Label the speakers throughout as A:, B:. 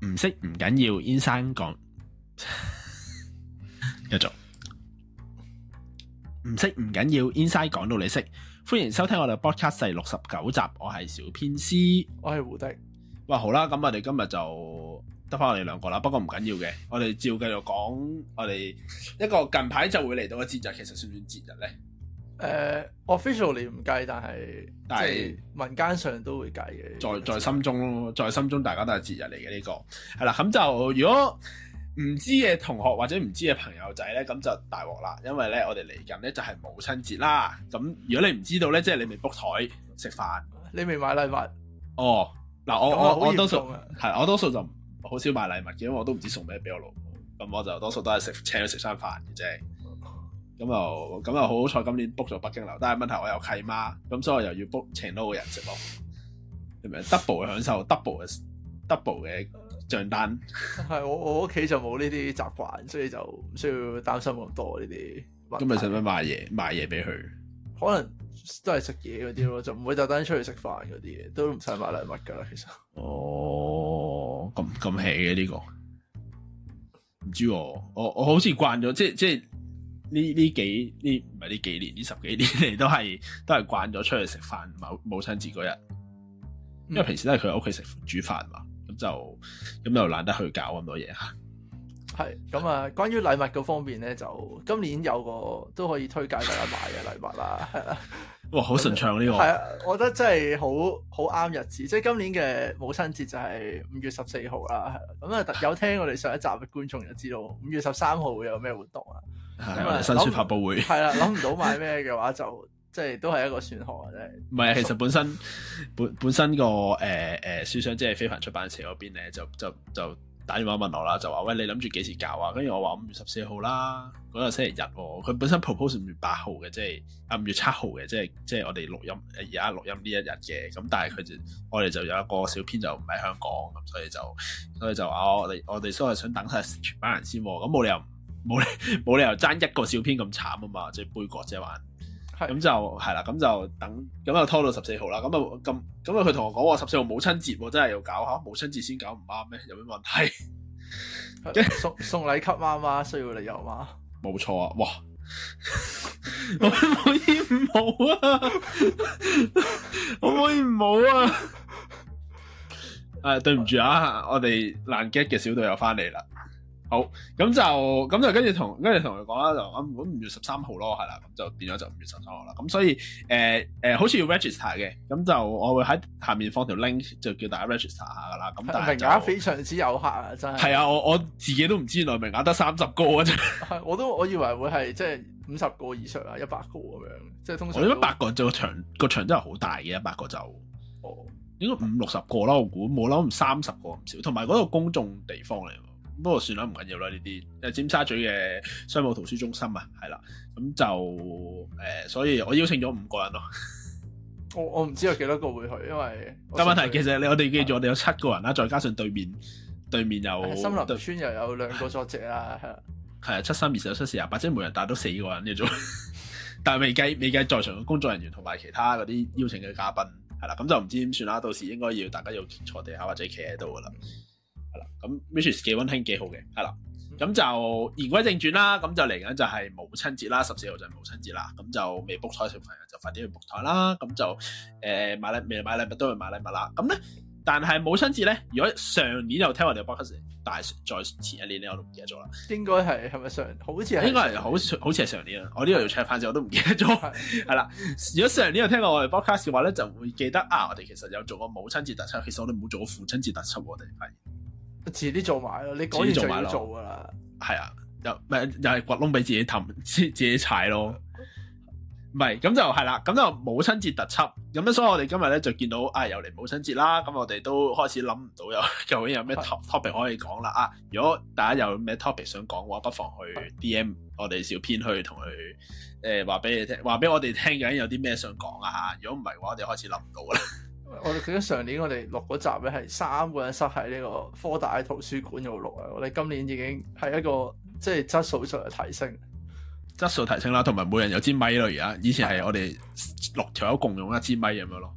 A: 唔識唔緊要，Inscie 講，繼 續。唔識唔緊要，Inscie 講到你識。歡迎收聽我哋 Podcast 第六十九集，我係小編 C，我係胡迪。哇，好啦，咁我哋今日就得翻我哋兩個啦，不過唔緊要嘅，我哋照繼續講。我哋一個
B: 近排就會嚟到嘅節日，其實算唔算節日呢？誒、uh, official 你唔計，但係是即係民間上都會計嘅，
A: 在在心中咯，在心中，吧在心中大家都係節日嚟嘅，呢個係啦。咁就如果唔知嘅同學或者唔知嘅朋友仔咧，咁就大鑊啦，因為咧我哋嚟緊咧就係母親節啦。咁如果你唔知道咧，即係你未 book 台食飯，你未買禮物。哦，嗱，我我我多數係我多數就好少買禮物嘅，因為我都唔知送咩俾我老婆。咁我就多數都係食請佢食餐飯嘅啫。咁又咁又好好彩，今年 book 咗北京樓，但係問題我又契媽，咁所以我又要 book 請多個人食咯，你明唔明？double 享受，double 嘅 double 嘅賬單。
B: 係我我屋企就冇呢啲習慣，所以就唔需要擔心咁多呢啲。今日使
A: 唔使買嘢買嘢俾佢？
B: 可能都係食嘢嗰啲咯，就唔會特登出去食飯嗰啲，都唔使買禮物噶啦，其實。哦，
A: 咁咁 hea 嘅呢個，唔知我我我好似慣咗，即係即係。呢呢幾呢唔係呢幾年呢十幾年嚟都係都係慣咗出去食飯，母母親節嗰日，
B: 因為平
A: 時都係佢喺屋企食煮飯嘛，咁就咁又懶得去搞咁多嘢嚇。
B: 係咁啊，關於禮物嗰方面咧，就今年有個都可以推介大家買嘅禮物啦，係啦 、
A: 啊。哇，好順暢呢個。係啊，
B: 我覺得真係好好啱日子，即係今年嘅母親節就係五月十四號啦，係啦，係咁啊，有聽我哋上一集嘅觀眾就知道五月十三號會有咩活動啊。
A: 係是新書發佈會，係啦，諗唔到
B: 買咩嘅話就 即係都係一個選項嘅。
A: 唔係，其實本身 本本身個誒誒書商，即係非凡出版社嗰邊咧，就就就打電話問我啦，就話喂，你諗住幾時搞啊？跟住我話五月十四號啦，嗰個星期日啊。佢本身 propose 五月八號嘅，即係啊五月七號嘅，即係即係我哋錄音，而家錄音呢一日嘅。咁但係佢就我哋就有一個小編就唔喺香港咁，所以就所以就話我哋我哋所以想等晒全班人先啊。咁冇理由。冇冇理，理由爭一個小編咁慘啊嘛，即係杯葛啫玩咁是的 就係啦，咁就等，咁就拖到十四號啦，咁就咁咁佢同我講話十四號母親節，真係要搞吓，母親節先搞唔啱
B: 咩？有咩問題？的 送送禮給媽媽需要理由嘛？
A: 冇錯啊，哇，可唔
B: 可以唔好啊？可
A: 唔 可以唔好啊？誒、 哎，對唔住啊，嗯、我哋爛 get 嘅小隊又翻嚟啦。好，咁就咁就跟住同跟住同佢講啦，就咁，如果、嗯、五月十三號咯，係啦，咁就變咗就五月十三號啦。咁所以誒、呃呃、好似要 register 嘅，咁就我會喺下面放條 link，就叫大家 register 下噶啦。咁但係名額
B: 非常之有限啊，真係。係
A: 啊，我我自己都唔知內，原來名額得三十個啊，
B: 我都我以為會係即係五十個以上啊，一百個咁樣。即係通常。我諗一百
A: 個就場、嗰個場真係好大嘅，一百個就。哦，應該五六十個啦，我估冇諗三十個咁少。同埋嗰個公眾地方嚟。不過算啦，唔緊要啦，呢啲。誒，尖沙咀嘅商務圖書中心啊，係啦，咁就誒、呃，所以我邀請咗五個人咯。我
B: 我唔知有幾多個會去，因為但問題。其
A: 實你我哋記住，我哋有七個人啦，的再加上對面對面有森林
B: 村又有兩個作者啦，
A: 係啊的，係啊，七三二四七四啊八，即係每人帶到四個人嘅啫。但係未計未計在場嘅工作人員同埋其他嗰啲邀請嘅嘉賓，係啦，咁就唔知點算啦。到時應該要大家要坐地下或者企喺度噶啦。係啦，咁、嗯、which 幾温馨幾好嘅，係啦。咁就言歸正傳啦。咁就嚟緊就係母親節啦，十四號就係母親節啦。咁就未 book 台嘅小朋友就快啲去 book 台啦。咁就、呃、買禮，未嚟買禮物都去買禮物啦。咁咧，但係母親節咧，如果上年又聽我哋 podcast 大，再前一年咧，我都唔記得咗
B: 啦。應該係係咪上好似係應該係
A: 好好似係上年啦。我呢度要 check 翻我都唔記得咗。係啦，如果上年又聽過我哋 podcast 嘅話咧，就會記得啊。我哋其實有做過母親節特輯，其實我哋冇做過父親節特輯。我哋係。
B: 自己做埋咯，你講做埋都
A: 做噶啦。係啊，又唔係又係掘窿俾自己氹，自己踩咯。唔係咁就係啦，咁、啊、就母親節特輯咁樣。所以我哋今日咧就見到啊、哎，又嚟母親節啦。咁我哋都開始諗唔到有究竟有咩 topic 可以講啦。啊的，如果大家有咩 topic 想講嘅話，不妨去 DM 我哋小編去同佢誒話俾你聽，話俾我哋聽緊有啲咩想講啊。如果唔係嘅話，我哋開始諗唔到啦。
B: 我哋記得上年我哋錄嗰集咧，係三個人塞喺呢個科大圖書館度錄。啊！我哋今年已經係一個即係質素上嘅提升，
A: 質素提升啦，同埋每人有支米咯。而家以前係我哋六條友共用一支米咁樣咯，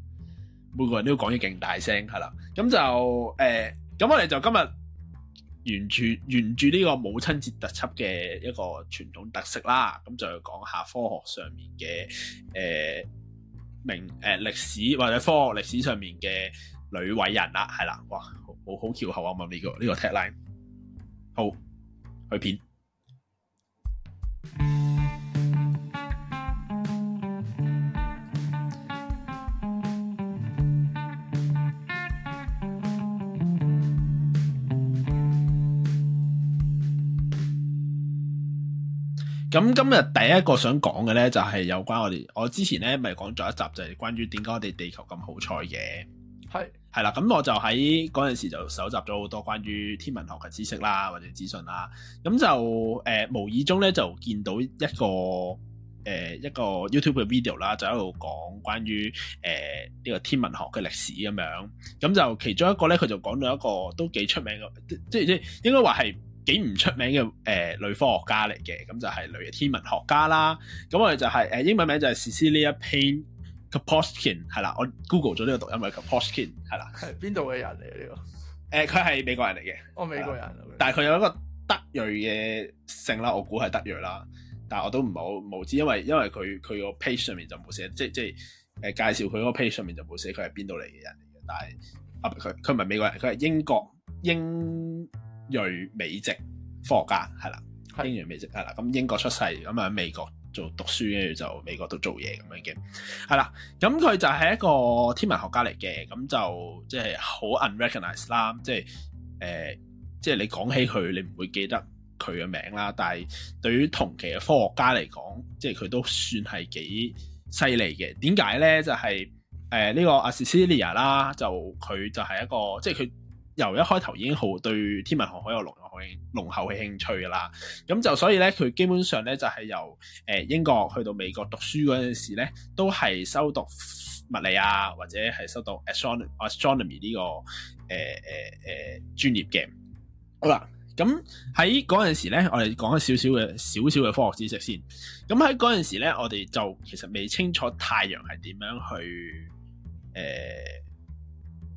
A: 每個人都講嘢勁大聲，係啦。咁就誒，咁、欸、我哋就今日沿住沿住呢個母親節特輯嘅一個傳統特色啦，咁就講下科學上面嘅明誒歷史或者科學歷史上面嘅女偉人啦、啊，係啦，哇，好好巧合啊，咁、呢、呢個呢、呢個 tagline，好，去片。咁今日第一個想講嘅咧，就係有關我哋，我之前咧咪講咗一集，就係關於點解我哋地球咁好彩嘅。係係啦，咁我就喺嗰陣時就搜集咗好多關於天文學嘅知識啦，或者資訊啦。咁就誒、呃，無意中咧就見到一個誒、呃、一個 YouTube 嘅 video 啦，就喺度講關於誒呢、呃呢個天文學嘅歷史咁樣。咁就其中一個咧，佢就講到一個都幾出名嘅，即係即係應該話係。幾唔出名嘅誒、呃、女科學家嚟嘅，咁就係女天文學家啦。咁我哋就係、是、誒、呃、英文名就係 Cecilia Payne-Gaposchkin，係啦。我 Google 咗呢個讀音，咪 Gaposchkin 係啦。
B: 係邊度嘅人嚟嘅？呢個
A: 誒，佢係美國人嚟嘅。
B: 哦，啦美國人、
A: 啊。但係佢有一個德裔嘅姓啦，我估係德裔啦。但我都唔好冇知，因為因為佢佢個 page 上面就冇寫，即即係誒、呃、介紹佢嗰個 page 上面就冇寫佢係邊度嚟嘅人嚟嘅。但係啊，佢佢唔係美國人，佢係英國英。瑞美籍科學家係啦，英國美籍係啦，咁是的 英國出世咁啊，美國做讀書，跟住就美國度做嘢咁樣嘅，係啦，咁佢就係一個天文學家嚟嘅，咁就即係好 unrecognized 啦，即係誒、呃，即係你講起佢，你唔會記得佢嘅名啦，但係對於同期嘅科學家嚟講，即係佢都算係幾犀利嘅。點解咧？就係誒呢個阿 Cecilia 啦，就佢就係一個，即係佢。由一開頭已經好對天文學好有濃濃濃厚嘅興趣啦，咁就所以咧，佢基本上咧就係由誒英國去到美國讀書嗰陣時咧，都係修讀物理啊，或者係修讀 astronomy 呢個 astronomy 呢個誒誒誒專業嘅。好啦，咁喺嗰陣時咧，我哋講少少嘅少少嘅科學知識先。咁喺嗰陣時咧，我哋就其實未清楚太陽係點樣去誒。呃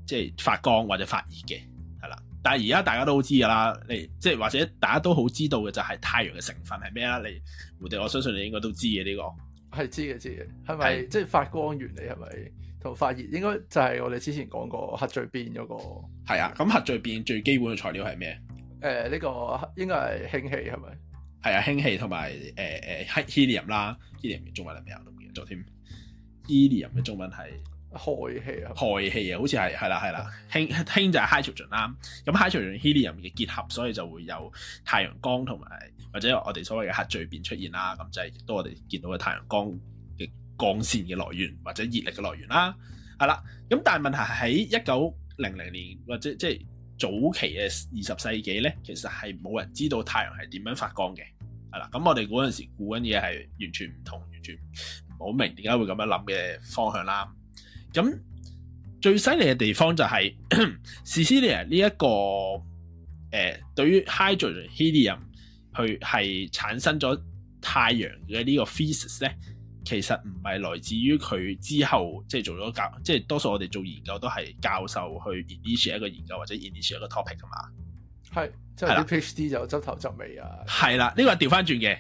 A: 即係發光或者發熱嘅，係啦。但係而家大家都知噶啦，你即係或者大家都好知道嘅就係太陽嘅成分係咩啦？你胡迪，我相信你應該都知嘅呢、這個。
B: 係知嘅，知嘅。係咪即係發光原理係咪同發熱？應該就係我哋之前講過核聚變嗰、那個。
A: 係啊，咁核聚變最基本嘅材料係咩？誒、
B: 呃，呢、這個應該係氫氣係咪？
A: 係啊，氫氣同埋誒、呃、誒、呃、Helium 啦，Helium 中文係咩啊？都唔記得咗添。Helium 嘅中文係。
B: 氦氣啊，氦
A: 氣啊，好似係，係啦係啦，氫氫就係 hydrogen 啦。咁 hydrogen helium 嘅結合，所以就會有太陽光同埋或者我哋所謂嘅核聚變出現啦。咁就係亦都我哋見到嘅太陽光嘅光線嘅來源或者熱力嘅來源啦。係啦，咁但係問題係喺一九零零年或者即係早期嘅二十世紀咧，其實係冇人知道太陽係點樣發光嘅。係啦，咁我哋嗰陣時估緊嘢係完全唔同，完全唔好明點解會咁樣諗嘅方向啦。咁最犀利嘅地方就係 Cecilia 呢一個誒，對於 Hydrogen 去係產生咗太陽嘅呢個 thesis 咧，其實唔係來自於佢之後即係做咗教，即係多數我哋做研究都係教授去 initiate 一個研究或者 initiate 一個 topic 噶嘛。
B: 係即係啲 PhD 就執頭執尾啊。
A: 係啦，呢個係調翻轉嘅。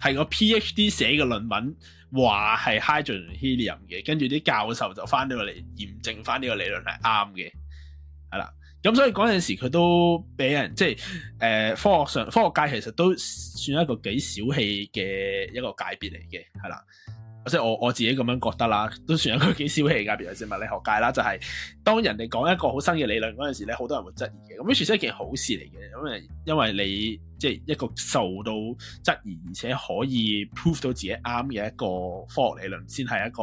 A: 係個 PhD 寫嘅論文是，話係 Hydrogen、Helium 嘅，跟住啲教授就翻到嚟驗證翻呢個理論係啱嘅，係啦，咁所以嗰陣時佢都俾人即係誒、呃、科學上科學界其實都算一個幾小氣嘅一個界別嚟嘅，係啦。即係我我自己咁樣覺得啦，都算一個幾小氣噶。比如物理學界啦，就係、是、當人哋講一個好新嘅理論嗰陣時咧，好多人會質疑嘅。咁呢，其實一件好事嚟嘅，因為因為你即係、就是、一個受到質疑，而且可以 prove 到自己啱嘅一個科學理論，先係一個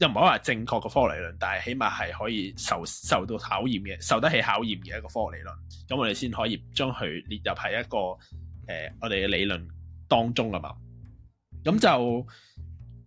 A: 又唔係話正確嘅科學理論，但係起碼係可以受受到考驗嘅，受得起考驗嘅一個科學理論。咁我哋先可以將佢列入喺一個誒、呃、我哋嘅理論當中噶嘛。咁就。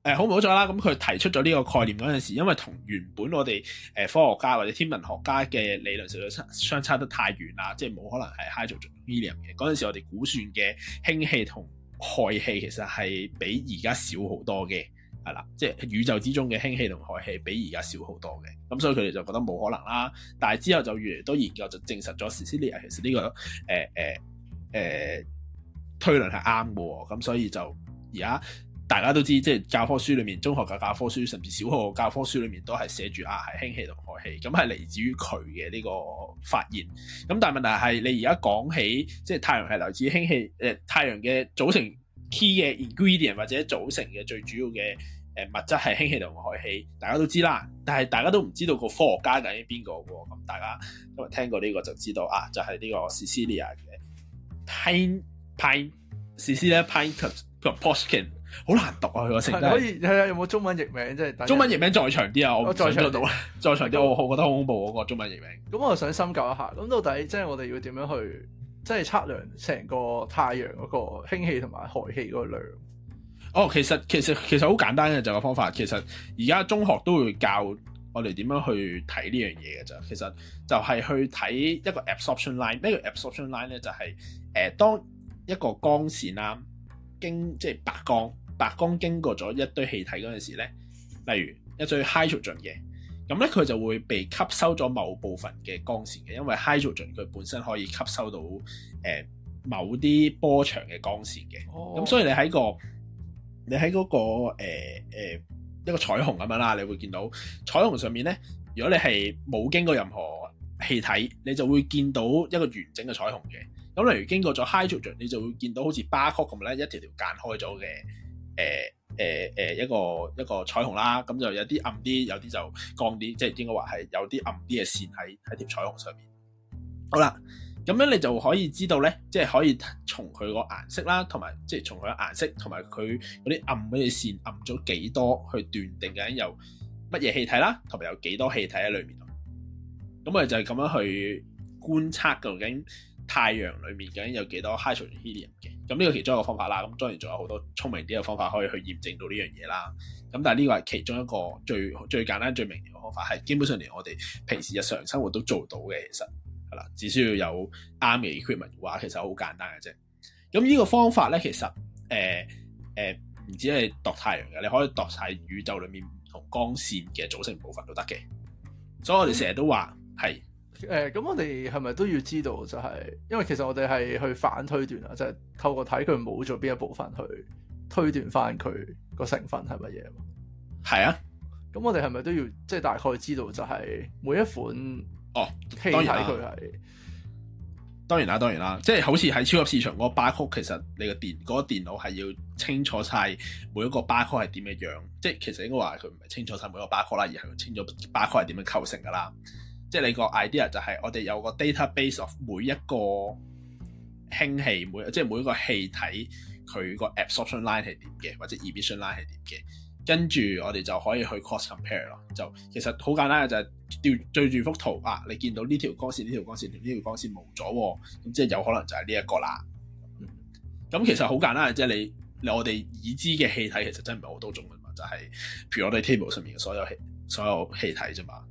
A: 誒，好唔好咗啦？咁佢提出咗呢個概念嗰陣時，因為同原本我哋誒科學家或者天文學家嘅理論上差，相差得太遠啦，即係冇可能係 Hydrogen 同 Helium 嘅。嗰陣時我哋估算嘅氫氣同氦氣其實係比而家少好多嘅，係啦，即係宇宙之中嘅氫氣同氦氣比而家少好多嘅。咁所以佢哋就覺得冇可能啦。但係之後就越嚟越多研究就證實咗，Cecilia，其實呢、呢個誒誒誒推論係啱喎。咁所以就而家。大家都知道，即係教科書裏面，中學嘅教科書，甚至小學嘅教科書裏面都係寫住啊，係氫氣同氦氣咁，係嚟自於佢嘅呢個發現。咁但係問題係，你而家講起即係太陽係嚟自氫氣，誒、呃、太陽嘅組成 key 嘅 ingredient 或者組成嘅最主要嘅誒物質係氫氣同氦氣，大家都知啦。但係大家都唔知道個科學家究竟邊個喎？咁大家因為聽過呢個就知道啊，就係、是、呢個 Cecilia 嘅 Payne Payne Cecilia Payne-Gaposchkin 好難讀啊！佢個成都可以
B: 係啊？有冇中文譯名？即係中文譯名
A: 再長啲啊！我唔想讀我再想讀啊，再長啲是我我覺得好恐怖嗰對個中文譯名。
B: 咁我又想深究一下，咁到底即係我哋要點樣去即係測量成個太陽嗰個氫氣同埋氦氣嗰個量？
A: 哦，其實其實其實好簡單嘅就個方法，其實而家中學都會教我哋點樣去睇呢樣嘢嘅咋，其實就係去睇一個 absorption line。咩叫 absorption line 咧？就係誒，當一個光線啦經，即係白光。白光經過咗一堆氣體嗰陣時咧，例如一堆 Hydrogen 嘅咁咧，佢就會被吸收咗某部分嘅光線嘅，因為 Hydrogen 佢本身可以吸收到、呃、某啲波長嘅光線嘅。咁、oh. 所以你喺個你喺、嗰個呃呃、一個彩虹咁樣啦，你會見到彩虹上面咧，如果你係冇經過任何氣體，你就會見到一個完整嘅彩虹嘅。咁例如經過咗 Hydrogen 你就會見到好似 barcode 咁咧一條條間開咗嘅。誒誒誒，一個一個彩虹啦，咁就有啲暗啲，有啲就光啲，即係應該話係有啲暗啲嘅綫喺喺條彩虹上面。好啦，咁樣你就可以知道咧，即係可以從佢個顏色啦，同埋即係從佢嘅顏色同埋佢嗰啲暗嗰啲綫暗咗幾多，去斷定緊有乜嘢氣體啦，同埋有幾多氣體喺裏面。咁我哋就係咁樣去觀測究竟太陽裏面究竟有幾多 hydrogen helium 嘅？咁呢個其中一個方法啦，咁當然仲有好多聰明啲嘅方法可以去驗證到呢樣嘢啦。咁但係呢個係其中一個最最簡單、最明顯嘅方法係，係基本上連我哋平時日常生活都做到嘅。其實係啦，只需要有啱嘅 equipment 嘅話，其實好簡單嘅啫。咁呢個方法咧，其實誒誒，呃呃，唔止係度太陽嘅，你可以度晒宇宙裏面同光線嘅組成的部分都得嘅。所以我哋成日都話係
B: 誒，咁、嗯、我哋係咪都要知道就係、是，因為其實我哋係去反推斷啊，即、就、係、是、透過睇佢冇咗邊一部分去推斷翻佢個成分係乜嘢？
A: 係啊，
B: 咁我哋係咪都要即係、就是、大概知道就係每一款
A: 哦，當然佢、啊、係是、啊，當然啦，當然啦，即係好似喺超級市場嗰個巴 a 其實你電、那個電個電腦係要清楚晒每一個巴 a r c 係點嘅樣的，即係其實應該話佢唔係清楚晒每一個 b a 啦，而係清楚巴 a 係點樣構成噶啦。即係你個 idea 就係我哋有個 database of 每一個氫氣每即係每一個氣體佢個 absorption line 係點嘅，或者 emission line 係點嘅，跟住我哋就可以去 cross compare 咯。就其實好簡單嘅就係對住幅圖啊，你見到呢條光線、呢條光線、呢條光線冇咗，咁即係有可能就係呢一個啦。咁其實好簡單嘅，即係你，你我哋已知嘅氣體其實真係唔係好多種噶嘛，就係譬如我哋 table 上面嘅所有所有氣體啫嘛。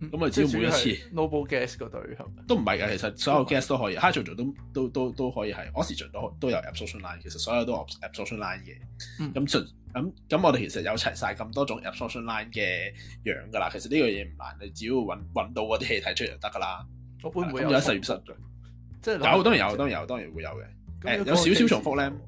B: 咁啊，嗯、只要每一次，noble gas
A: 嗰對係咪？都唔係㗎，其實所有 gas 都可以，hydrogen、嗯，做做都都都都可以係，oxygen 都都有 absorption line，其實所有都有 absorption line 嘅。咁咁咁，我哋其實有齊晒咁多種 absorption line 嘅樣㗎啦。其實呢個嘢唔難，你只要揾到嗰啲氣體出嚟就得㗎啦。會唔會有實驗室？就10 10即係有，有，當然有，當然有，當然會有嘅、嗯欸。有少少重複咧，嗯、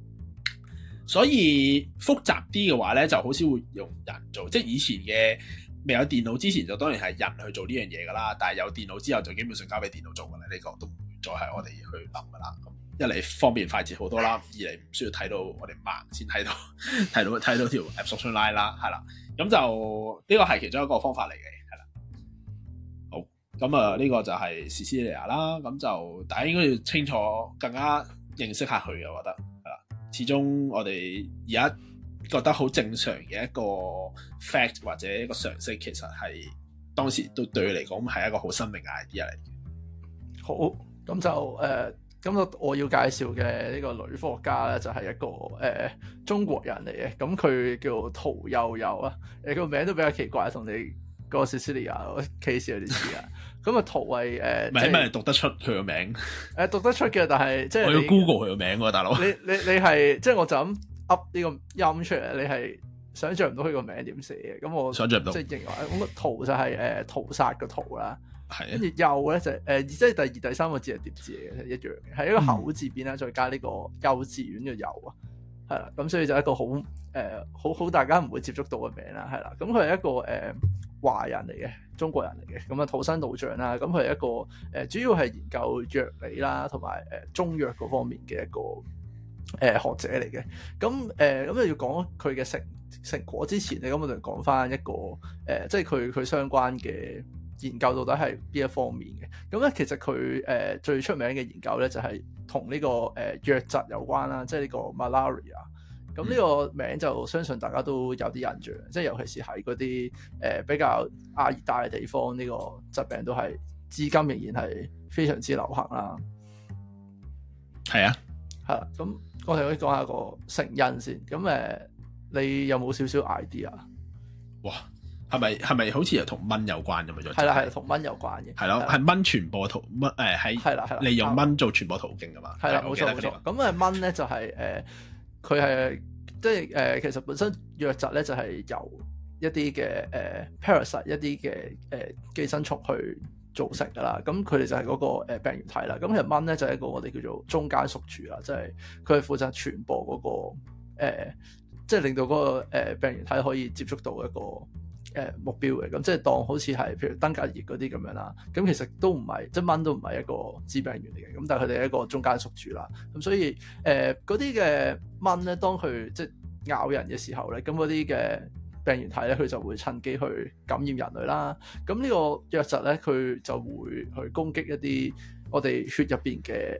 A: 所以複雜啲嘅話咧，就好少會用人做，即係以前嘅。未有電腦之前就當然係人去做呢樣嘢噶啦，但係有電腦之後就基本上交俾電腦做噶啦，呢、這個都唔會再係我哋去諗噶啦。咁一嚟方便快捷好多啦，二嚟唔需要睇到我哋盲先睇到睇 到睇到條 Apps 縮出 line 啦，係啦。咁就呢、這個係其中一個方法嚟嘅，係啦。好，咁啊呢個就係 CC 利亞啦。咁就大家應該要清楚，更加認識下佢。我覺得係啦，始終我哋而家。覺得好正常嘅一個 fact 或者一個常識，其實係當時對對佢嚟講係一個好生命嘅 idea
B: 嚟嘅。好，咁就誒，咁、呃、我我要介紹嘅呢個女科學家咧，就係、是、一個誒、呃、中國人嚟嘅。咁佢叫屠呦呦啊，誒、呃、個名都比較奇怪，同你個 Sissilia 嘅 case 有啲似啊。咁啊 屠係誒，唔係咪讀
A: 得出佢個名？
B: 誒讀得出嘅，但係即係我要 Google
A: 佢個名喎，大佬。你
B: 你你係即係我就咁。噏呢個音出嚟，你係想象唔到佢個名點寫嘅。咁我想象唔到，即係認為，個圖就係、是、誒、呃、屠殺嘅屠啦。係的，跟住幼咧就係、是、誒、呃，即係第二第三個字係疊字嘅，就是、一樣嘅，係一個口字邊啦，嗯、再加呢個幼稚園嘅幼啊，係啦。咁所以就一個好誒、呃，好好大家唔會接觸到嘅名啦，係啦。咁佢係一個誒、呃、華人嚟嘅，中國人嚟嘅。咁啊，土生土長啦。咁佢係一個誒、呃，主要係研究藥理啦，同埋誒中藥嗰方面嘅一個。誒，學者嚟嘅，咁誒，咁、呃、你要講佢嘅成成果之前你，咁我就講翻一個誒、呃，即係佢佢相關嘅研究到底係邊一方面嘅。咁咧，其實佢誒、呃、最出名嘅研究咧就係同呢個誒瘧疾有關啦，即係呢個 malaria 啊。咁呢個名就相信大家都有啲印象，即係、嗯、尤其是喺嗰啲誒比較亞熱帶嘅地方，呢、這個疾病都係至今仍然係非常之流行啦。
A: 係啊，
B: 吓咁。我哋可以講下個成因先，咁誒，你有冇少少 idea？
A: 哇，係咪係咪好似又同蚊有關咁啊？係啦係，同
B: 蚊有關嘅。係咯，
A: 係蚊傳播途蚊誒喺，係啦係啦，利用蚊做傳播途徑噶嘛。係啦，冇錯冇錯。
B: 咁誒蚊咧就係誒，佢係即係誒，其實本身瘧疾咧就係由一啲嘅誒 parasite 一啲嘅誒寄生蟲去，造成噶啦，咁佢哋就係嗰個病原體啦。咁其實蚊咧就係、一個我哋叫做中間宿主啊，即係佢係負責傳播嗰個即係、呃就係、令到嗰、嗰個、呃、病原體可以接觸到一個誒、呃、目標嘅。咁即係當好似係譬如登革熱嗰啲咁樣啦，咁其實都唔係，即係蚊都唔係一個致病源嚟嘅。咁但係佢哋係一個中間宿主啦。咁所以誒嗰啲嘅蚊咧，當佢即係咬人嘅時候咧，咁嗰啲嘅，病原體咧，佢就會趁機去感染人類啦。咁呢個藥物咧，佢就會去攻擊一啲我哋血入邊嘅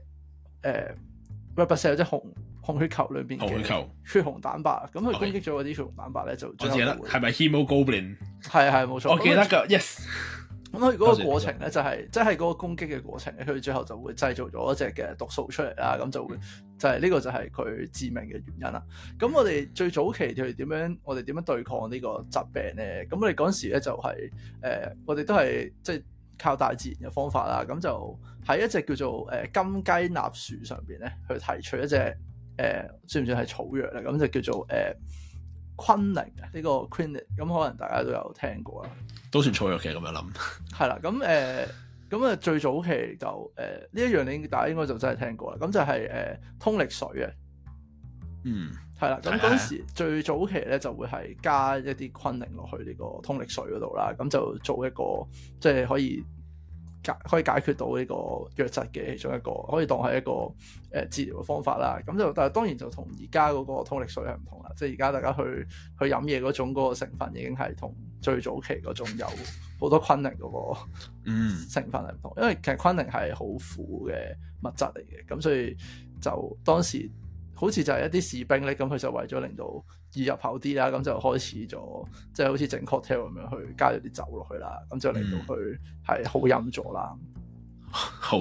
B: 誒，red blood cell 即係紅紅血球裏邊嘅血紅蛋白。咁佢攻擊咗嗰啲血紅蛋白咧，Okay. 就會我記得
A: 係咪 Hemo Goblin？係係
B: 冇錯。我記得㗎、嗯、Yes。咁佢嗰個過程咧就係、是，即係嗰個攻擊嘅過程，佢最後就會製造咗一隻嘅毒素出嚟啦，咁就會、嗯、就係呢個就係佢致命嘅原因啦。咁我哋最早期佢係點樣，我哋點樣對抗這個呢個疾病咧？咁我哋嗰時咧就係、是，誒、呃，我哋都係即係靠大自然嘅方法啦。咁就喺一隻叫做誒、呃、金雞納樹上邊咧，去提取一隻誒、呃，算唔算係草藥咧？咁就叫做誒。呃.昆凌啊，呢、這個 quinine 咁，可能大家都有聽過啦，
A: 都算中藥嘅咁樣諗，
B: 係啦，咁 誒，咁啊、呃、最早期就誒呢、呃、一樣，你大家應該就真係聽過啦，咁就係、是、誒、呃、通力水啊，嗯，係啦，咁嗰時最早期咧、嗯、就會係加一啲昆寧落去呢、這個通力水嗰度啦，咁就做一個即係、就是、可以。解可以解決到呢個瘧疾嘅其中一個，可以當係一個誒、呃、治療嘅方法啦。咁就但係當然就同而家嗰個通力水係唔同啦。即係而家大家去去飲嘢嗰種嗰個成分已經係同最早期嗰種有好多昆寧嗰個嗯成分係唔同。因為其實昆寧係好苦嘅物質嚟嘅，咁所以就當時，好似就係一啲士兵咧，咁佢就為咗令到易入口啲啦，咁就開始咗，即、就、係、是、好似整 cocktail 咁樣加去加咗啲酒落去啦，咁就令到佢係好飲咗啦、嗯。
A: 好，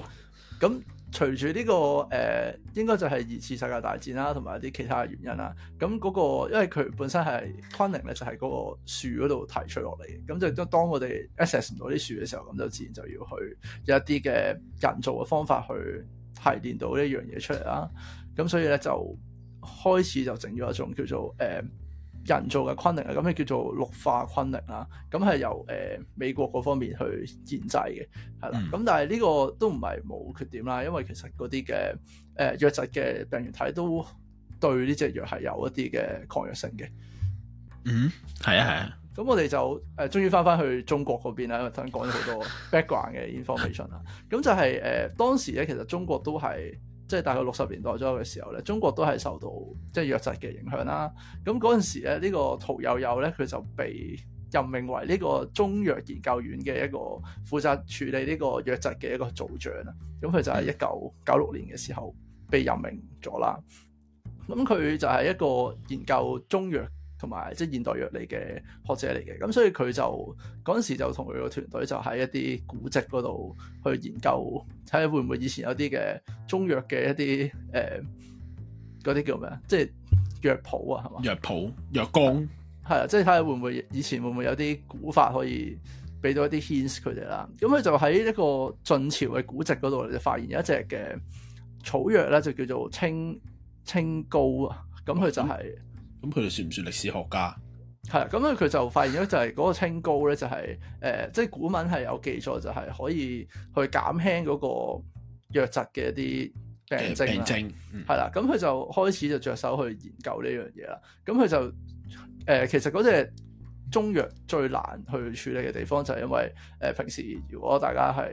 B: 咁隨住呢、這個誒、呃，應該就係二次世界大戰啦，同埋一啲其他嘅原因啦。咁嗰、那個因為佢本身係奎寧咧， 就係嗰個樹嗰度提取落嚟嘅，咁就當我哋 access 唔到啲樹嘅時候，咁就自然就要去有一啲嘅人造嘅方法去提煉到呢樣嘢出嚟啦。咁所以咧就開始就整咗一種叫做誒、呃、人造嘅昆寧啊，咁咧叫做氯化昆寧啦。咁係由、呃、美國嗰方面去研製嘅啦。咁、嗯、但係呢個都唔係冇缺點啦，因為其實嗰啲嘅誒瘧疾嘅病原體都對呢隻藥係有一啲嘅抗藥性嘅。嗯，
A: 係啊，係啊、嗯。
B: 咁我哋就、呃、終於返返去中國嗰邊啦，因為等講咗好多 background 嘅 information 啦。咁 就係、是、誒、呃、當時咧，其實中國都係。即係大概六十年代左右嘅時候咧，中國都係受到即係、就是、瘧疾嘅影響啦。咁嗰陣時咧，這個、又又呢個屠呦呦咧佢就被任命為呢個中藥研究院嘅一個負責處理呢個瘧疾嘅一個組長啦。咁佢就係一九九六年嘅時候被任命咗啦。咁佢就係一個研究中藥同埋即係現代藥嚟嘅學者嚟嘅，咁所以佢就嗰陣時就同佢個團隊就喺一啲古籍嗰度去研究，睇下會唔會以前有啲嘅中藥嘅一啲誒嗰啲叫咩啊？即係藥譜啊，係嘛？藥譜、藥方係啊，即係睇下會唔會以前會唔會有啲古法可以俾到一啲 hints 佢哋啦。咁佢就喺一個晉朝嘅古籍嗰度就發現有一隻嘅草藥咧，就叫做青蒿膏啊。咁佢就係、是。哦咁佢哋算唔算歷史學家？係啊，咁佢佢就發現咗就係嗰個青蒿咧、就是呃，就係誒，即係古文係有記載，就係可以去減輕嗰個瘧疾嘅一啲病徵。病徵係啦，咁、嗯、佢就開始就着手去研究呢樣嘢啦。咁佢就誒、呃，其實嗰隻中藥最難去處理嘅地方就係因為誒、呃，平時如果大家係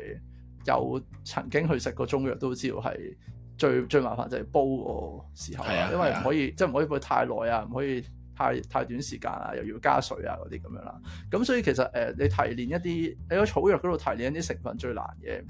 B: 有曾經去食過中藥，都知道係。最最麻煩就係煲個時候啦、啊，啊、因為唔可以即係唔可以煲太耐啊，唔可以太、啊、可以太，太短時間啊，又要加水啊嗰啲咁樣啦、啊。咁所以其實誒、呃，你提煉一啲喺草藥嗰度提煉一啲成分最難嘅，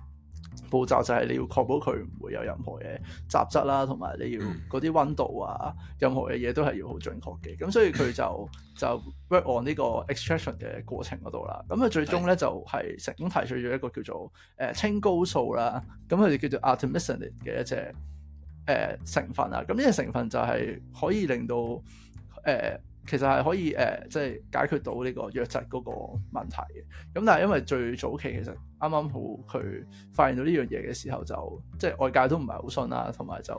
B: 步驟就係你要確保佢唔會有任何嘢雜質啦，同埋你要嗰啲溫度啊，任何嘅嘢都係要好準確嘅。咁所以佢就就 work on 呢個 extraction 嘅過程嗰度啦。咁啊最終咧的就係成功提取咗一個叫做誒青、呃、蒿素啦。咁佢哋叫做 artemisinin 嘅一隻誒、呃、成分啊。咁呢隻成分就係可以令到誒。呃其實係可以誒、呃，即係解決到呢個藥質嗰個問題嘅。咁但係因為最早期其實啱啱好佢發現到呢樣嘢嘅時候就，就即係外界都唔係好信啦、啊，同埋就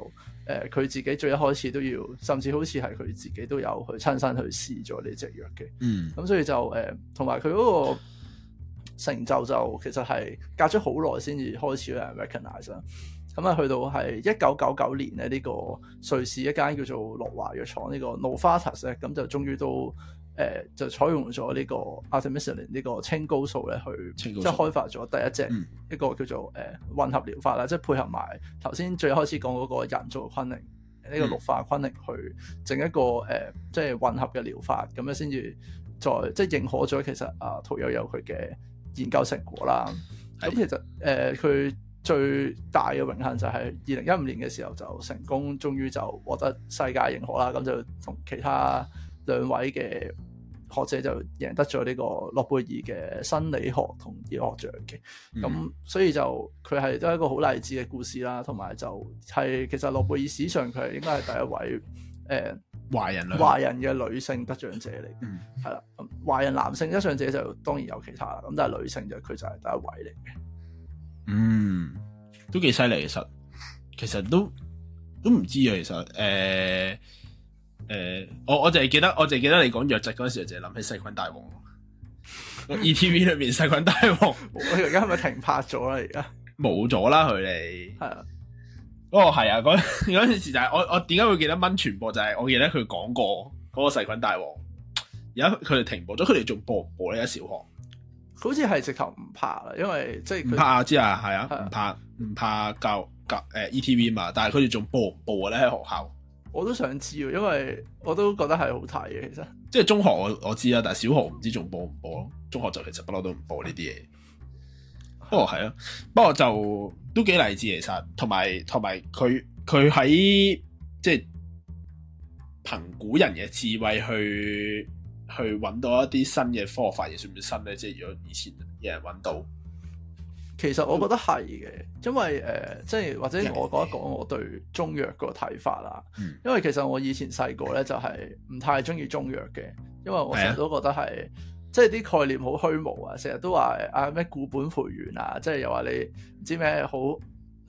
B: 誒佢、呃、自己最一開始都要，甚至好似係佢自己都有去親身去試咗呢隻藥嘅。嗯。咁所以就誒，同埋佢嗰個成就就其實係隔咗好耐先至開始有人 recognise 啦、啊。咁啊，去到係一九九九年咧，呢、這個瑞士一間叫做諾華藥廠呢、這個 Novartis 咧，咁就終於都誒、呃、就採用咗呢個 artemisinin 呢個青蒿素咧去，即係開發咗第一隻一個叫做誒、嗯啊、混合療法啦，即係配合埋頭先最開始講嗰個人造嘅昆寧呢、這個氯化昆寧去整一個誒、嗯呃，即係混合嘅療法，咁樣先至再即係認可咗其實啊屠呦呦佢嘅研究成果啦。咁是其實誒佢。呃最大嘅榮幸就係二零一五年嘅時候就成功，終於就獲得世界認可啦。咁就同其他兩位嘅學者就贏得咗呢個諾貝爾嘅生理學同醫學獎嘅。咁、嗯、所以就佢係都係一個好勵志嘅故事啦。同埋就係其實諾貝爾史上佢應該係第一位誒華、呃、人華人嘅女性得獎者嚟嘅。嗯，係啦。咁華人男性得獎者就當然有其他啦。咁但係女性就佢就係第一位嚟嘅。
A: 嗯，都幾犀利其實，其實都都唔知啊其實，誒、欸、誒、欸，我我淨係記得，我淨係記得你講瘧疾嗰時淨係諗起細菌大王，E T V 裏面細菌大
B: 王，我而家係咪停拍咗啦而家？冇咗啦佢哋，
A: 係 啊，哦係啊，嗰嗰陣時就係、是、我我點解會記得蚊傳播就係、是、我記得佢講過嗰個細菌大王，而家佢哋停播咗，佢哋仲播播呢一小學。好似係直頭唔怕啦，因為即係唔怕之知啊，係啊，唔怕唔怕教教誒、欸、ETV 嘛，但係佢哋仲播唔播咧？喺學校
B: 我都想知道，因為我都覺得係好睇嘅，其實
A: 即係中學我我知啦，但係小學唔知仲播唔播咯。中學就其實不嬲都唔播呢啲嘢。啊、不過係啊，不過就都幾勵志其實，同埋同埋佢佢喺即係憑古人嘅智慧去。去揾到一啲新嘅科學發現算唔算新咧？即係如果以前有人揾
B: 到，其實我覺得係嘅，因為誒、呃，即係或者我講一講我對中藥個睇法啦。Mm. 因為其實我以前細個咧就係唔太喜歡中意中藥嘅，因為我成日都覺得係 Yeah. 即係啲概念好虛無啊，成日都話啊咩固本培元啊，即係又話你唔知咩好。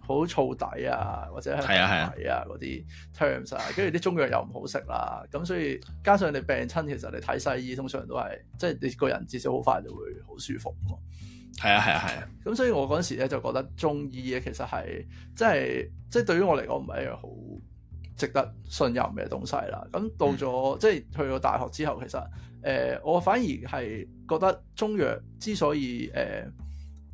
B: 好燥底啊，或者係流鼻涕啊嗰啲、啊、terms 啊，跟住啲中藥又唔好食啦，咁 所以加上你病親，其實你睇西醫通常都係，即、就、係、係、你個人至少好快就會好舒服。
A: 係啊，係啊，係啊。
B: 咁、啊、所以我嗰時咧就覺得中醫咧其實係，即係即係對於我嚟講唔係一樣好值得信任嘅東西啦。咁到咗即係去到大學之後，其實、呃、我反而係覺得中藥之所以誒。呃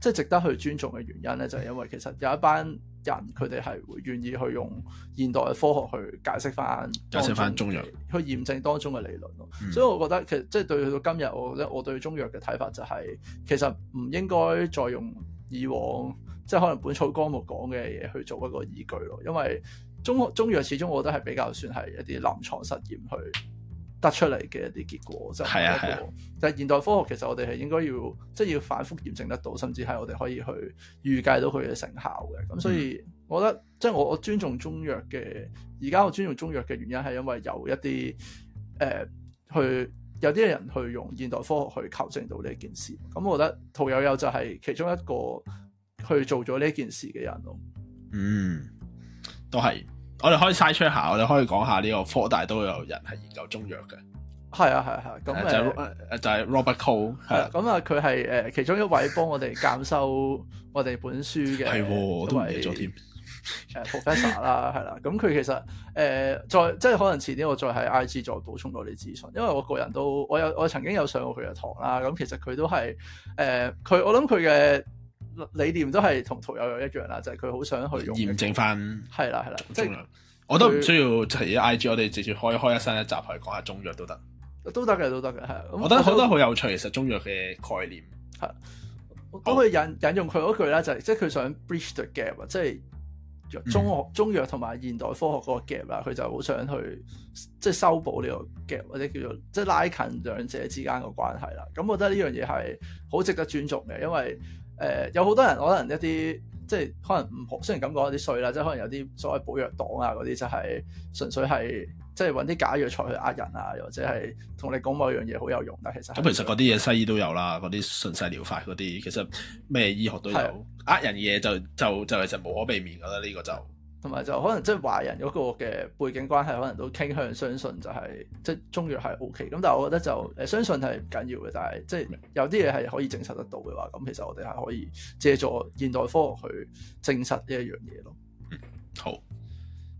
B: 即係值得去尊重嘅原因咧，就係因為其實有一班人佢哋係會願意去用現代嘅科學去解釋翻，解釋翻中藥去驗證當中嘅理論咯。嗯、所以，我覺得其實即係對到今日，我覺得我對中藥嘅睇法就係、是，其實唔應該再用以往即係、就是、可能本草綱目講嘅嘢，去做一個依據咯，因為中中藥始終我覺得係比較算係一啲臨床實驗去。得出嚟嘅一啲結果，就係啊！但係現代科學其實我哋係應該要，即、就、係、是、要反覆驗證得到，甚至係我哋可以去預計到佢嘅成效嘅。咁所以，我覺得、嗯、即係我我尊重中藥嘅。而家我尊重中藥嘅原因係因為有一啲誒、呃、去有啲人去用現代科學去求證到呢一件事。咁我覺得屠呦呦就係其中一個去做咗呢件事嘅人咯。嗯，
A: 都係。我哋可以嘥出一下，我哋可以講下呢個科大都有人係研
B: 究中藥嘅。係啊，係係、啊，咁就係
A: 呃、就係 Robert Cole 係啦。
B: 咁啊，佢係誒其中一位幫我哋監修我哋本書嘅。係，我都唔記得咗添。Professor 啦，係啦。咁佢其實誒在、呃、即係可能遲啲我再喺 IG 再補充多啲資訊，因為我個人都，我有我曾經有上過佢嘅堂啦。咁、嗯、其實佢都係誒佢，我諗佢嘅。理念都係同屠呦呦一樣啦，就係佢好想去驗
A: 證翻，
B: 係啦係啦，即係、就是、我都唔需
A: 要提 I G，我哋直接開開一新一集去講下中藥都得，
B: 都得嘅都得嘅係。我，我覺得好都好
A: 有趣，其實中藥嘅概念
B: 係，我可以引、oh. 引用佢嗰句咧，就係即係佢想 bridge the gap 啊，即係中學、嗯、中藥同埋現代科學嗰個 gap 啦，佢就好想去即係、就是、修補呢個 gap 或者叫做即係、就是、拉近兩者之間嘅關係啦。咁我覺得呢樣嘢係好值得尊重嘅，因為。誒、呃、有好多人可能一啲即係可能唔好，雖然咁講有啲衰啦，即係可能有啲所謂保藥黨啊嗰啲，就係、是、純粹係即係搵啲假藥材去呃人啊，或者係同你講某樣嘢好有用，但其實咁其實嗰
A: 啲嘢西醫都有啦，嗰啲順勢療法嗰啲，其實咩醫學都有呃的人嘅嘢就就就係就是、無可避免噶啦，呢、這個就。
B: 同埋就可能即係華人嗰個嘅背景關係，可能都傾向相信就係即係中藥係 OK。咁但係我覺得就誒相信係唔緊要嘅，但係即係有啲嘢係可以證實得到嘅話，咁其實我哋係可以借助現代科學去證實呢一樣嘢咯。嗯，好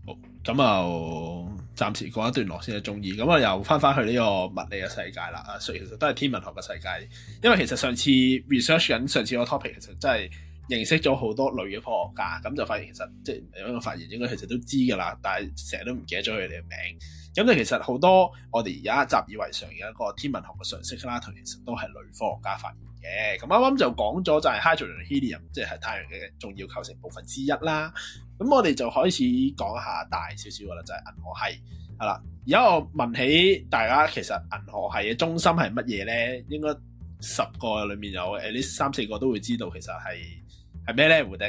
A: 好咁就暫時講一段落先嘅中醫。咁啊又翻返去呢個物理嘅世界啦。啊，所以其實都係天文學嘅世界，因為其實上次 research 緊上次個 topic 其實真係。認識咗好多女嘅科學家，咁就發現其實即係有個發現，應該其實都知㗎啦，但係成日都唔記得咗佢哋嘅名。咁就其實好多我哋而家習以為常嘅一個天文學嘅常識啦，同其實都係女科學家發現嘅。咁啱啱就講咗就係 hydrogen、helium，即係太陽嘅重要構成部分之一啦。咁我哋就開始講下大少少㗎啦，就係、係、銀河系，係啦。而家我問起大家，其實銀河系嘅中心係乜嘢咧？應該十個裏面有呢三四個都會知道其實係。係咩咧？胡迪，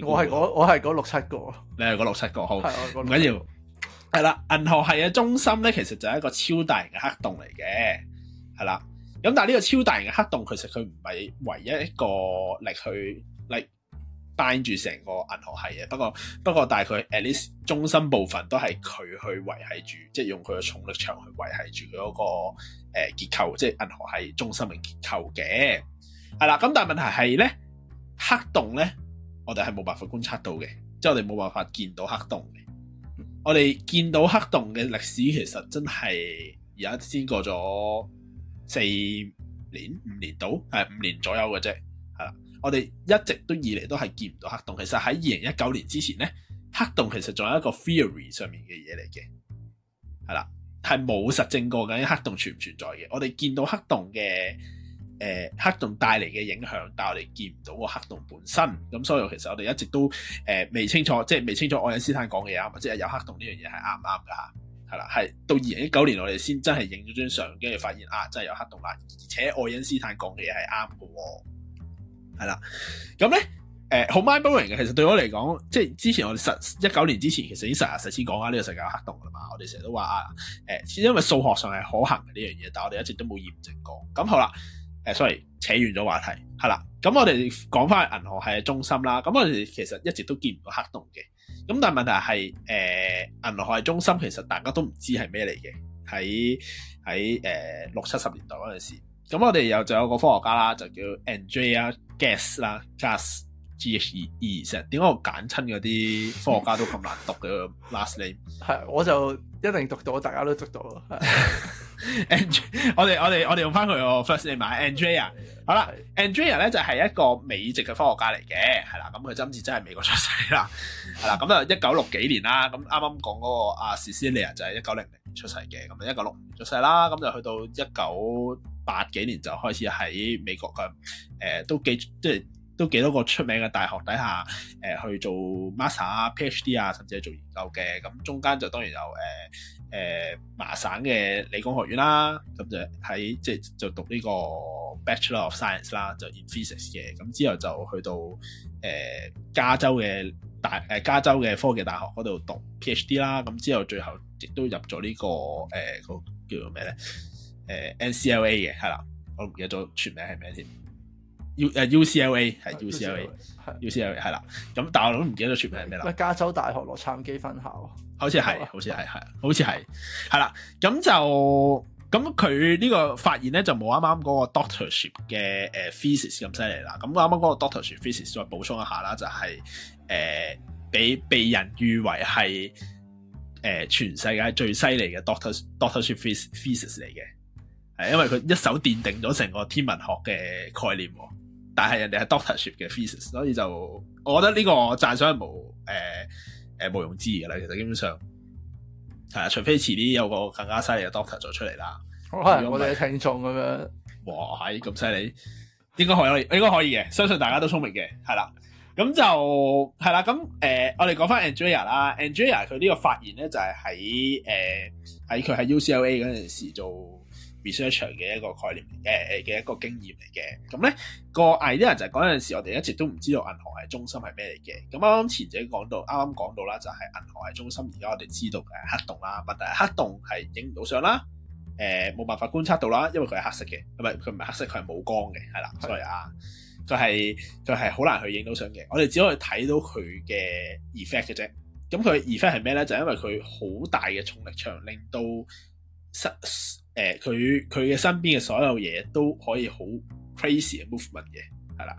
A: 猜猜猜猜
B: 我係嗰我係嗰六七個，
A: 你係嗰六七個好唔緊要，係銀系啦。銀河系嘅中心咧，其實就係一個超大型嘅黑洞嚟嘅，係啦。咁但係呢個超大型嘅黑洞，其實佢唔係唯一一個力去力掰住成個銀河系嘅。不過不過，但係佢 at least 中心部分都係佢去維繫住，即、就、係、是、用佢嘅重力場去維繫住嗰個誒結構，即係銀河系中心嘅結構嘅。係啦，咁但係問題係咧。黑洞呢，我哋係冇辦法觀察到嘅，即係我哋冇辦法見到黑洞嘅。我哋見到黑洞嘅歷史其實真係而家先過咗四年五年到，係五年左右嘅啫。係啦，我哋一直都以嚟都係見唔到黑洞。其實喺二零一九年之前呢，黑洞其實仲有一個 theory 上面嘅嘢嚟嘅，係啦，係冇實證過究竟黑洞存唔存在嘅。我哋見到黑洞嘅。誒、呃、黑洞帶嚟嘅影響，但係我哋見唔到個黑洞本身，咁所以其實我哋一直都誒、呃、未清楚，即係未清楚愛因斯坦講嘅嘢啱唔啱，即係有黑洞呢樣嘢係啱唔啱㗎吓，係啦，係到二零一九年我哋先真係影咗張相，跟住發現啊，真係有黑洞啦，而且愛因斯坦講嘅嘢係啱㗎喎，係啦，咁咧誒好 mind blowing 嘅，其實對我嚟講，即係之前我哋實一九年之前，其實啲實習生先講緊呢個世界有黑洞㗎啦嘛，我哋成日都話啊誒，因為數學上係可行嘅呢樣嘢，但係我哋一直都冇驗證過，咁好啦。sorry 扯遠咗話題，係啦，咁我哋講翻銀河系中心啦，咁我哋其實一直都見唔到黑洞嘅，咁但係問題係，誒、呃、銀河系中心其實大家都唔知係咩嚟嘅，喺喺誒六七十年代嗰陣時，咁我哋又就有個科學家啦，就叫 Andrea Gass 啦，Gass。GHEE 成，點解我揀親嗰啲科學
B: 家都咁難讀嘅 last name？係，我就一定讀到，大家都讀到。
A: a 我哋我哋我哋用翻佢個 first name，Andrea 的。好啦，Andrea 咧就係一個美籍嘅科學家嚟嘅，係啦，咁佢今次真係美國出世啦，係啦，咁就一九六幾年啦，咁啱啱講嗰個啊 Cecilia 就係一九零零年出世嘅，咁一九六五年出世啦，咁就去到一九八幾年就開始喺美國嘅，誒、呃、都幾即係。都幾多個出名嘅大學底下，誒、呃、去做 master 啊、PhD 啊，甚至係做研究嘅。咁、嗯、中間就當然有誒誒麻省嘅理工學院啦，咁、啊嗯、就喺即係就讀呢個 Bachelor of Science 啦、啊，就 in physics 嘅。咁、嗯、之後就去到誒、呃、加州嘅大誒、呃、加州嘅科技大學嗰度讀 PhD 啦、啊。咁、嗯、之後最後亦都入咗呢、這個誒個、呃、叫做咩咧？誒、呃、NCLA 嘅，係啦，我唔記得咗全名係咩添。U UCLA 係 UCLA UCLA 係啦的，咁但係我都唔記得咗全名係咩啦。
B: 加州大學洛杉磯分校。
A: 好似係，好似係，係，好似係，係啦。咁就咁佢呢個發現咧，就冇啱啱嗰個 doctorship 嘅誒 thesis 咁犀利啦。咁啱啱嗰個 doctorship thesis 再補充一下啦，就係、是、誒、呃、被被人譽為係誒、呃、全世界最犀利嘅 doctor doctorship do thesis 嚟嘅，係因為佢一手奠定咗成個天文學嘅概念、哦。但係人哋係 doctorship 嘅 thesis，所以就我覺得呢個讚賞係無誒誒、呃、無庸置疑嘅啦。其實基本上係啊，除非遲啲有個更加犀利嘅 doctor 做出嚟啦。
B: 可能的我哋嘅聽眾咁樣，
A: 哇係咁犀利，應該可以，應該可以嘅。相信大家都聰明嘅，係、呃、啦。咁就係啦。咁誒，我哋講翻 Andrea 啦。Andrea 佢呢個發現咧，就係、是、喺誒喺、呃、佢喺 UCLA 嗰陣時做。research 嘅、er、一個概念，誒、呃、嘅一個經驗嚟嘅。咁、嗯、咧、那個 idea 就係嗰陣時，我哋一直都唔知道銀行係中心係咩嚟嘅。咁啱啱前者講到，啱啱講到啦，就係銀行係中心。而家我哋知道嘅黑洞啦，但係黑洞係影唔到相啦，冇、呃、辦法觀察到啦，因為佢係黑色嘅，唔係佢唔係黑色，佢係冇光嘅，係啦。的所以啊，佢係佢係好難去影到相嘅。我哋只可以睇到佢嘅 effect 嘅啫。咁佢 effect 係咩咧？就係、因為佢好大嘅重力場，令到失。誒，佢佢嘅身邊嘅所有嘢都可以好 crazy 嘅 movement 嘅，係啦，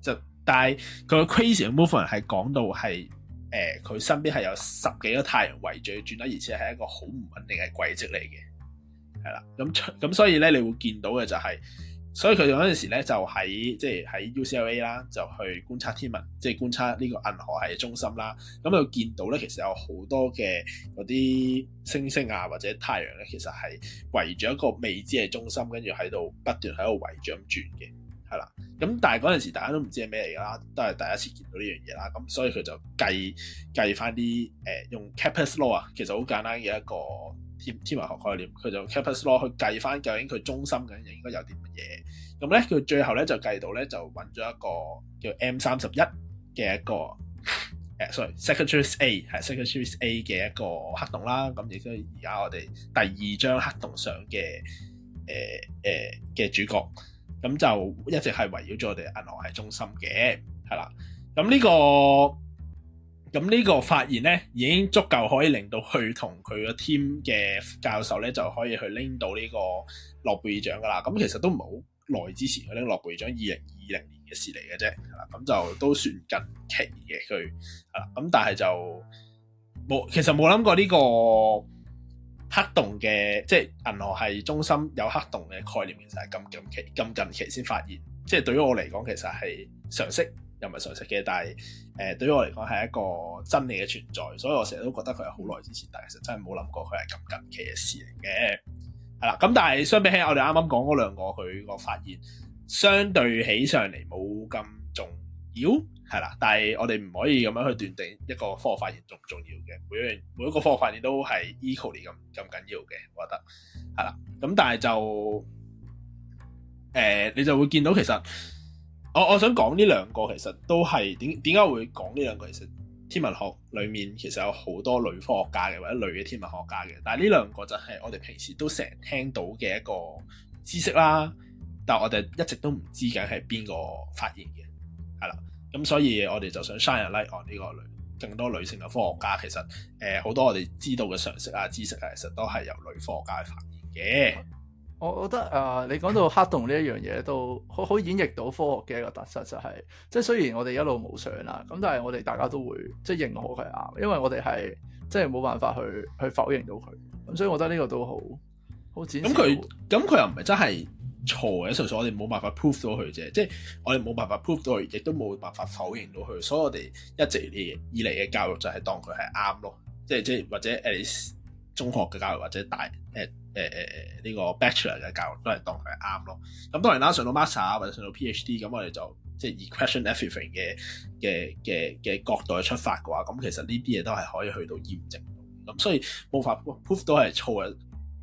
A: 就但係佢嘅 crazy 嘅 movement 係講到係，誒、呃，佢身邊係有十幾個太陽圍住轉啦，而且係一個好唔穩定嘅軌跡嚟嘅，係啦，咁咁所以咧，你會見到嘅就係、是。所以佢哋嗰陣時咧就喺即係喺 UCLA 啦，就是、UC LA，就去觀察天文，即、就、係、是、觀察呢個銀河系中心啦。咁佢見到咧，其實有好多嘅嗰啲星星啊，或者太陽咧，其實係圍住一個未知嘅中心，跟住喺度不斷喺度圍住咁轉嘅，係啦。咁但係嗰陣時大家都唔知係咩嚟噶啦，都係第一次見到呢樣嘢啦。咁所以佢就計計翻啲、呃、用 Kepler's law 啊，其實好簡單嘅一個。天天文學概念，佢就 Kepler's law 去計翻究竟佢中心究竟應該有啲乜嘢，咁咧佢最後咧就計到咧就揾咗一個叫 M 三十一嘅一個誒 ，sorry，Sagittarius A 係 Sagittarius A 嘅一個黑洞啦，咁亦都係而家我哋第二張黑洞上嘅誒誒嘅主角，咁就一直係圍繞咗我哋銀河系中心嘅，係啦，咁呢、呢個。咁呢個發現咧，已經足夠可以令到佢同佢個 team 嘅教授咧，就可以去拎到呢個諾貝爾獎噶啦。咁其實都唔好耐之前，佢拎諾貝爾獎二零二零年嘅事嚟嘅啫，係啦，咁就都算近期嘅佢，係啦。咁但係就冇，其實冇諗過呢個黑洞嘅，即係銀河系中心有黑洞嘅概念，其實係咁近期、咁近期先發現。即係對於我嚟講，其實係常識。又唔係常識嘅，但係誒、呃、對於我嚟講係一個真理嘅存在，所以我成日都覺得佢係好耐之前，但係其實真係冇諗過佢係咁近期嘅事嚟嘅，係啦。咁但係相比起我哋啱啱講嗰兩個佢個發現，相對起上嚟冇咁重要，係啦。但係我哋唔可以咁樣去斷定一個科學發現重唔重要嘅，每一樣每一個科學發現都係 equally 咁咁緊要嘅，我覺得係啦。咁但係就誒、呃、你就會見到其實。我我想講呢兩個，其實都係點點解會講呢兩個？其實天文學裏面其實有好多女科學家嘅，或者女嘅天文學家嘅，但係呢兩個就係我哋平時都成日聽到嘅一個知識啦。但我哋一直都唔知緊係邊個發現嘅，係啦。咁所以我哋就想 shine a light on 呢個女、更多女性嘅科學家。其實誒好多我哋知道嘅常識啊、知識啊，其實都係由女科學家發現嘅。
B: 我覺得誒、啊，你講到黑洞呢一樣嘢，都好好演繹到科學嘅一個特色、就係，就係即係雖然我哋一路冇上啦，咁但係我哋大家都會即係認可佢係啱，因為我哋係即係冇辦法去去否認到佢，咁所以我覺得呢個都好好咁佢
A: 咁佢又唔係真係錯嘅，純粹我哋冇辦法 prove 到佢啫，即係我哋冇辦法 prove 到，亦都冇辦法否認到佢，所以我哋一直以嚟嘅教育就係當佢係啱咯，即係即係或者中學嘅教育或者大誒誒誒呢個 bachelor 嘅教育都係當佢係啱咯。咁當然啦，上到 master 或者上到 PhD，咁我哋就即係以 question everything 嘅嘅嘅嘅角度去出發嘅話，咁其實呢啲嘢都係可以去到驗證。咁所以冇法 proof 都係錯嘅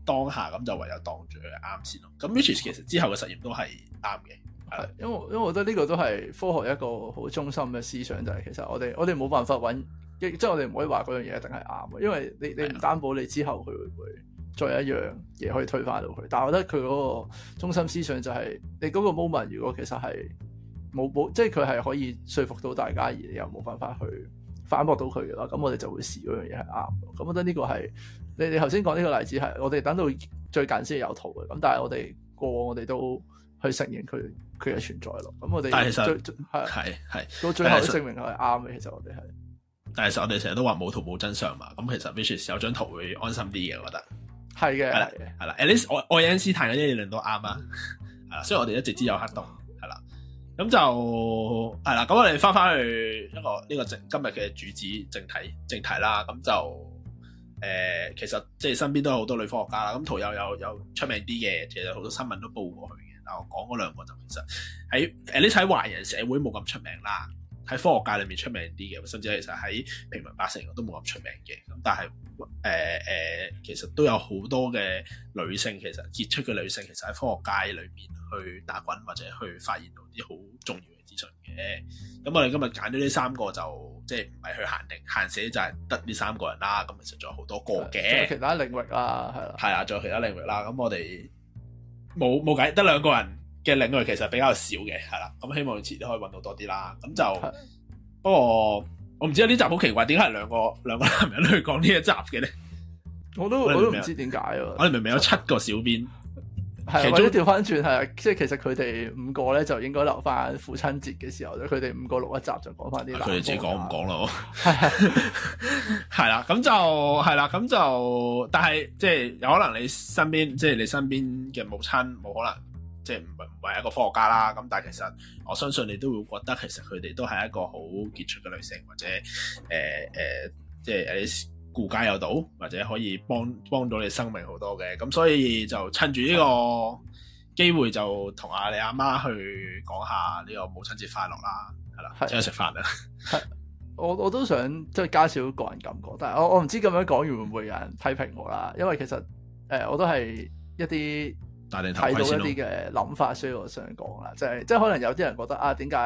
A: 當下，咁就唯有當住佢啱先咯。咁 which is 其實之後嘅實驗都係啱嘅。
B: 係是，的因為因為我覺得呢個都係科學一個好中心嘅思想，就係、是、其實我哋我哋冇辦法揾。即係我哋唔可以話嗰樣嘢一定係啱，因為你你唔擔保你之後佢會唔會再有一樣嘢可以推翻到佢。但係我覺得佢嗰個中心思想就係你嗰個 moment，如果其實係冇保，即係佢係可以說服到大家而你又冇辦法去反駁到佢嘅喇。咁我哋就會試嗰樣嘢係啱。咁我覺得呢個係你你頭先講呢個例子係我哋等到最近先有圖嘅。咁但係我哋過往我哋都去承認佢佢嘅存在咯。咁我哋但係其實係係係
A: 到最後都證
B: 明佢係啱嘅。其實我哋係。
A: 但係實我哋成日都話冇圖冇真相嘛，咁其實 which is 有張圖會安心啲嘅，我覺得係嘅，係啦的，係啦的，at least 愛因斯坦嗰啲理論都啱啊，係啦，所以的我哋一直知有黑洞，係啦的，咁就係啦，咁我哋翻返去一個呢、呢個今日嘅主旨正題正題啦，咁就誒、呃、其實即係身邊都有好多女科學家啦，咁圖又有有出名啲嘅，其實好多新聞都報過去嘅，但我講嗰兩個就其實喺 at least 喺華人社會冇咁出名啦。喺科學界裏面出名啲嘅，甚至其實喺平民百姓都冇咁出名嘅。咁但係誒誒，其實都有好多嘅女性，其實傑出嘅女性，其實喺科學界裏面去打滾或者去發現到啲好重要嘅資訊嘅。咁我哋今日揀咗呢三個就，就即係唔係去限定、限死就係得呢三個人啦。咁其實仲有好多個嘅，其他領域啦，係啦，係啊，仲有其他領域啦。咁我哋冇冇計，得兩個人。嘅領域其實比較少嘅，係啦，咁希望遲啲可以搵到多啲啦。咁就的不過我唔知啊，呢集好奇怪，點解兩個兩個男人去講呢一集嘅咧？
B: 我都我，明明我都唔知點解喎。我
A: 哋明明有七個小編，
B: 的其中調翻轉係，即係其實佢哋五個咧就應該留翻父親節嘅時候，佢哋五個錄一集就講翻啲。佢哋自己講
A: 唔講喇？係係啦，咁 就係啦，咁就但係即係有可能你身邊即係你身邊嘅母親冇可能。即係唔係唔係一個科學家啦，咁但係其實我相信你都會覺得其實佢哋都係一個好傑出嘅女性，或者誒誒、呃呃，即係有啲顧家有道，或者可以幫幫到你生命好多嘅。咁所以就趁住呢個機會就同阿你阿媽去講下呢個母親節快樂啦，係啦的，即係食
B: 飯啦。我我都想即係、就是、加少個人感覺，但係我我唔知咁樣講完會唔會有人批評我啦，因為其實誒、呃、我都係一啲。
A: 睇到一啲嘅
B: 諗法，所以我想講啦，就係即係可能有啲人覺得啊，點解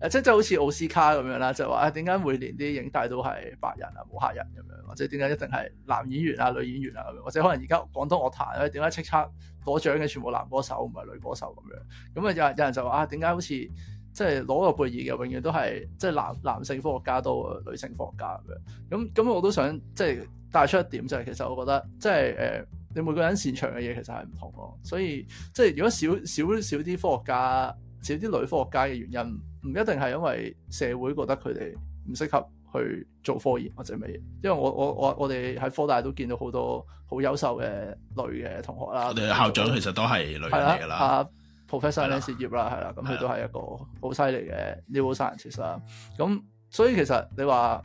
B: 誒即即係好似奧斯卡咁樣啦，就話啊點解每年啲影帝都係白人啊，冇黑人咁樣，或者點解一定係男演員啊、女演員啊咁樣，或者可能而家廣東樂壇咧點解叱咤攞獎嘅全部男歌手唔係女歌手咁樣？咁啊有有人就話啊點解好似即係攞個貝爾嘅永遠都係即係男男性科學家多過女性科學家咁樣？咁咁我都想即係帶出一點就係其實我覺得即係誒。呃你每個人擅長嘅嘢其實係唔同咯，所以即係如果少少少啲科學家，少啲女科學家嘅原因，唔一定係因為社會覺得佢哋唔適合去做科研或者乜嘢。因為我我我我哋喺科大都見到好多好優秀嘅女嘅同學啦。我哋校長其實
A: 都係女人嚟㗎啦。了啊、
B: Professor Nancy Ip 啦，係啦，咁佢的都係一個好犀利嘅 neuroscientist 女博士，其實咁，所以其實你話。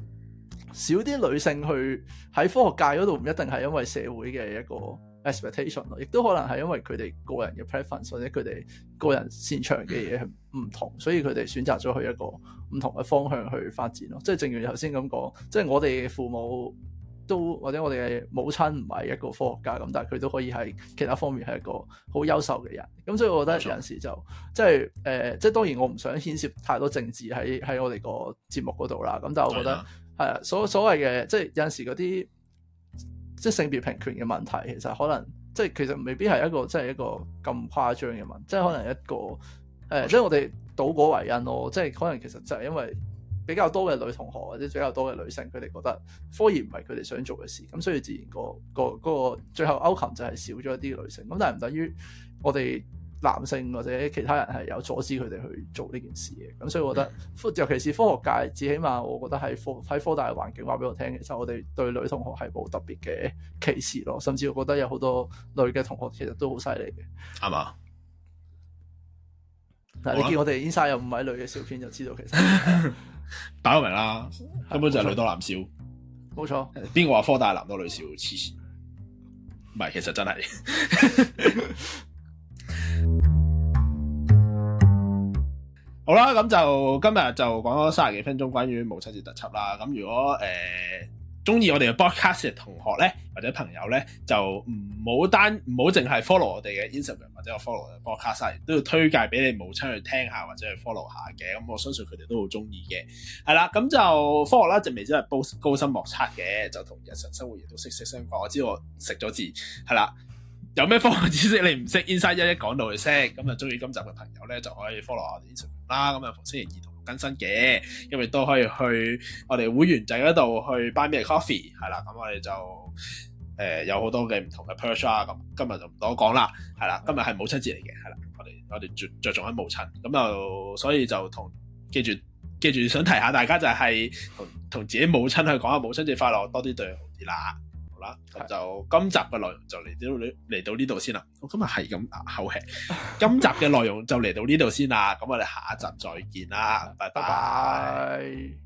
B: 少啲女性去喺科學界嗰度，唔一定係因為社會嘅一個 expectation 咯，亦都可能係因為佢哋個人嘅 preference，或者佢哋個人擅長嘅嘢係唔同，所以佢哋選擇咗去一個唔同嘅方向去發展咯。即係正如你頭先咁講，即係我哋父母都或者我哋嘅母親唔係一個科學家咁，但係佢都可以喺其他方面係一個好優秀嘅人。咁所以，我覺得有陣時就冇錯。即係、呃、即係當然我唔想牽涉太多政治喺喺我哋個節目嗰度啦。咁但係我覺得。係啊，所所謂嘅即係有陣時嗰啲即係性別平權嘅問題，其實可能即係其實未必係一個即係一個咁誇張嘅問題，即係可能一個誒，是啊、即係我哋倒果為因咯，即係可能其實就係因為比較多嘅女同學或者比較多嘅女性，佢哋覺得科研唔係佢哋想做嘅事，咁所以自然、嗰個、嗰個嗰、嗰個、最後歐琴就係少咗一啲女性，咁但係唔等於我哋。男性或者其他人係有阻止佢哋去做呢件事嘅，咁所以我覺得，尤其是科學界，至少起碼我覺得喺科喺科大嘅環境話俾我聽，其實我哋對女同學係冇特別嘅歧視咯。甚至我覺得有好多女嘅同學其實都好犀利嘅，
A: 係嘛吧？嗱，你見我
B: 哋 Inscie 有五位女嘅照片就知道，其實
A: 打個 明啦，根本就係女多男少，冇錯錯。邊個話科大男多女少？黐線，唔係，其實真係。 好啦，咁就今日就講咗三十幾分鐘關於母親節特輯啦。咁如果誒中意我哋嘅 broadcast 嘅同學咧，或者朋友咧，就唔好單唔好淨係 follow 我哋嘅 Instagram 或者 fo 我 follow 嘅 broadcast 都要推介俾你母親去聽下或者去 follow 下嘅。咁我相信佢哋都好中意嘅。係啦，咁就科 w 啦，就未真係高深莫測嘅，就同日常生活亦都息息相關。我知道我食咗字係啦。有咩科學知識你唔識 Inscie 一一講到佢識，咁啊中意今集嘅朋友咧就可以 follow 我哋 Inscie 啦，咁啊逢星期二同更新嘅，咁亦都可以去我哋會員制嗰度去 Buy Me A Coffee，係啦，咁我哋就誒、呃、有好多嘅唔同嘅 perch 啊，咁今日就唔多講啦，係啦，今日係母親節嚟嘅，係啦，我哋我哋著著重緊母親，咁就，所以就同記住記住想提下大家就係同同自己母親去講下母親節快樂，多啲對佢好啲啦。咁就今集嘅內容就嚟到嚟到呢度先啦。我今日係咁口吃， 今集嘅內容就嚟到呢度先啦。咁我哋下一集再見啦， 拜拜。拜拜。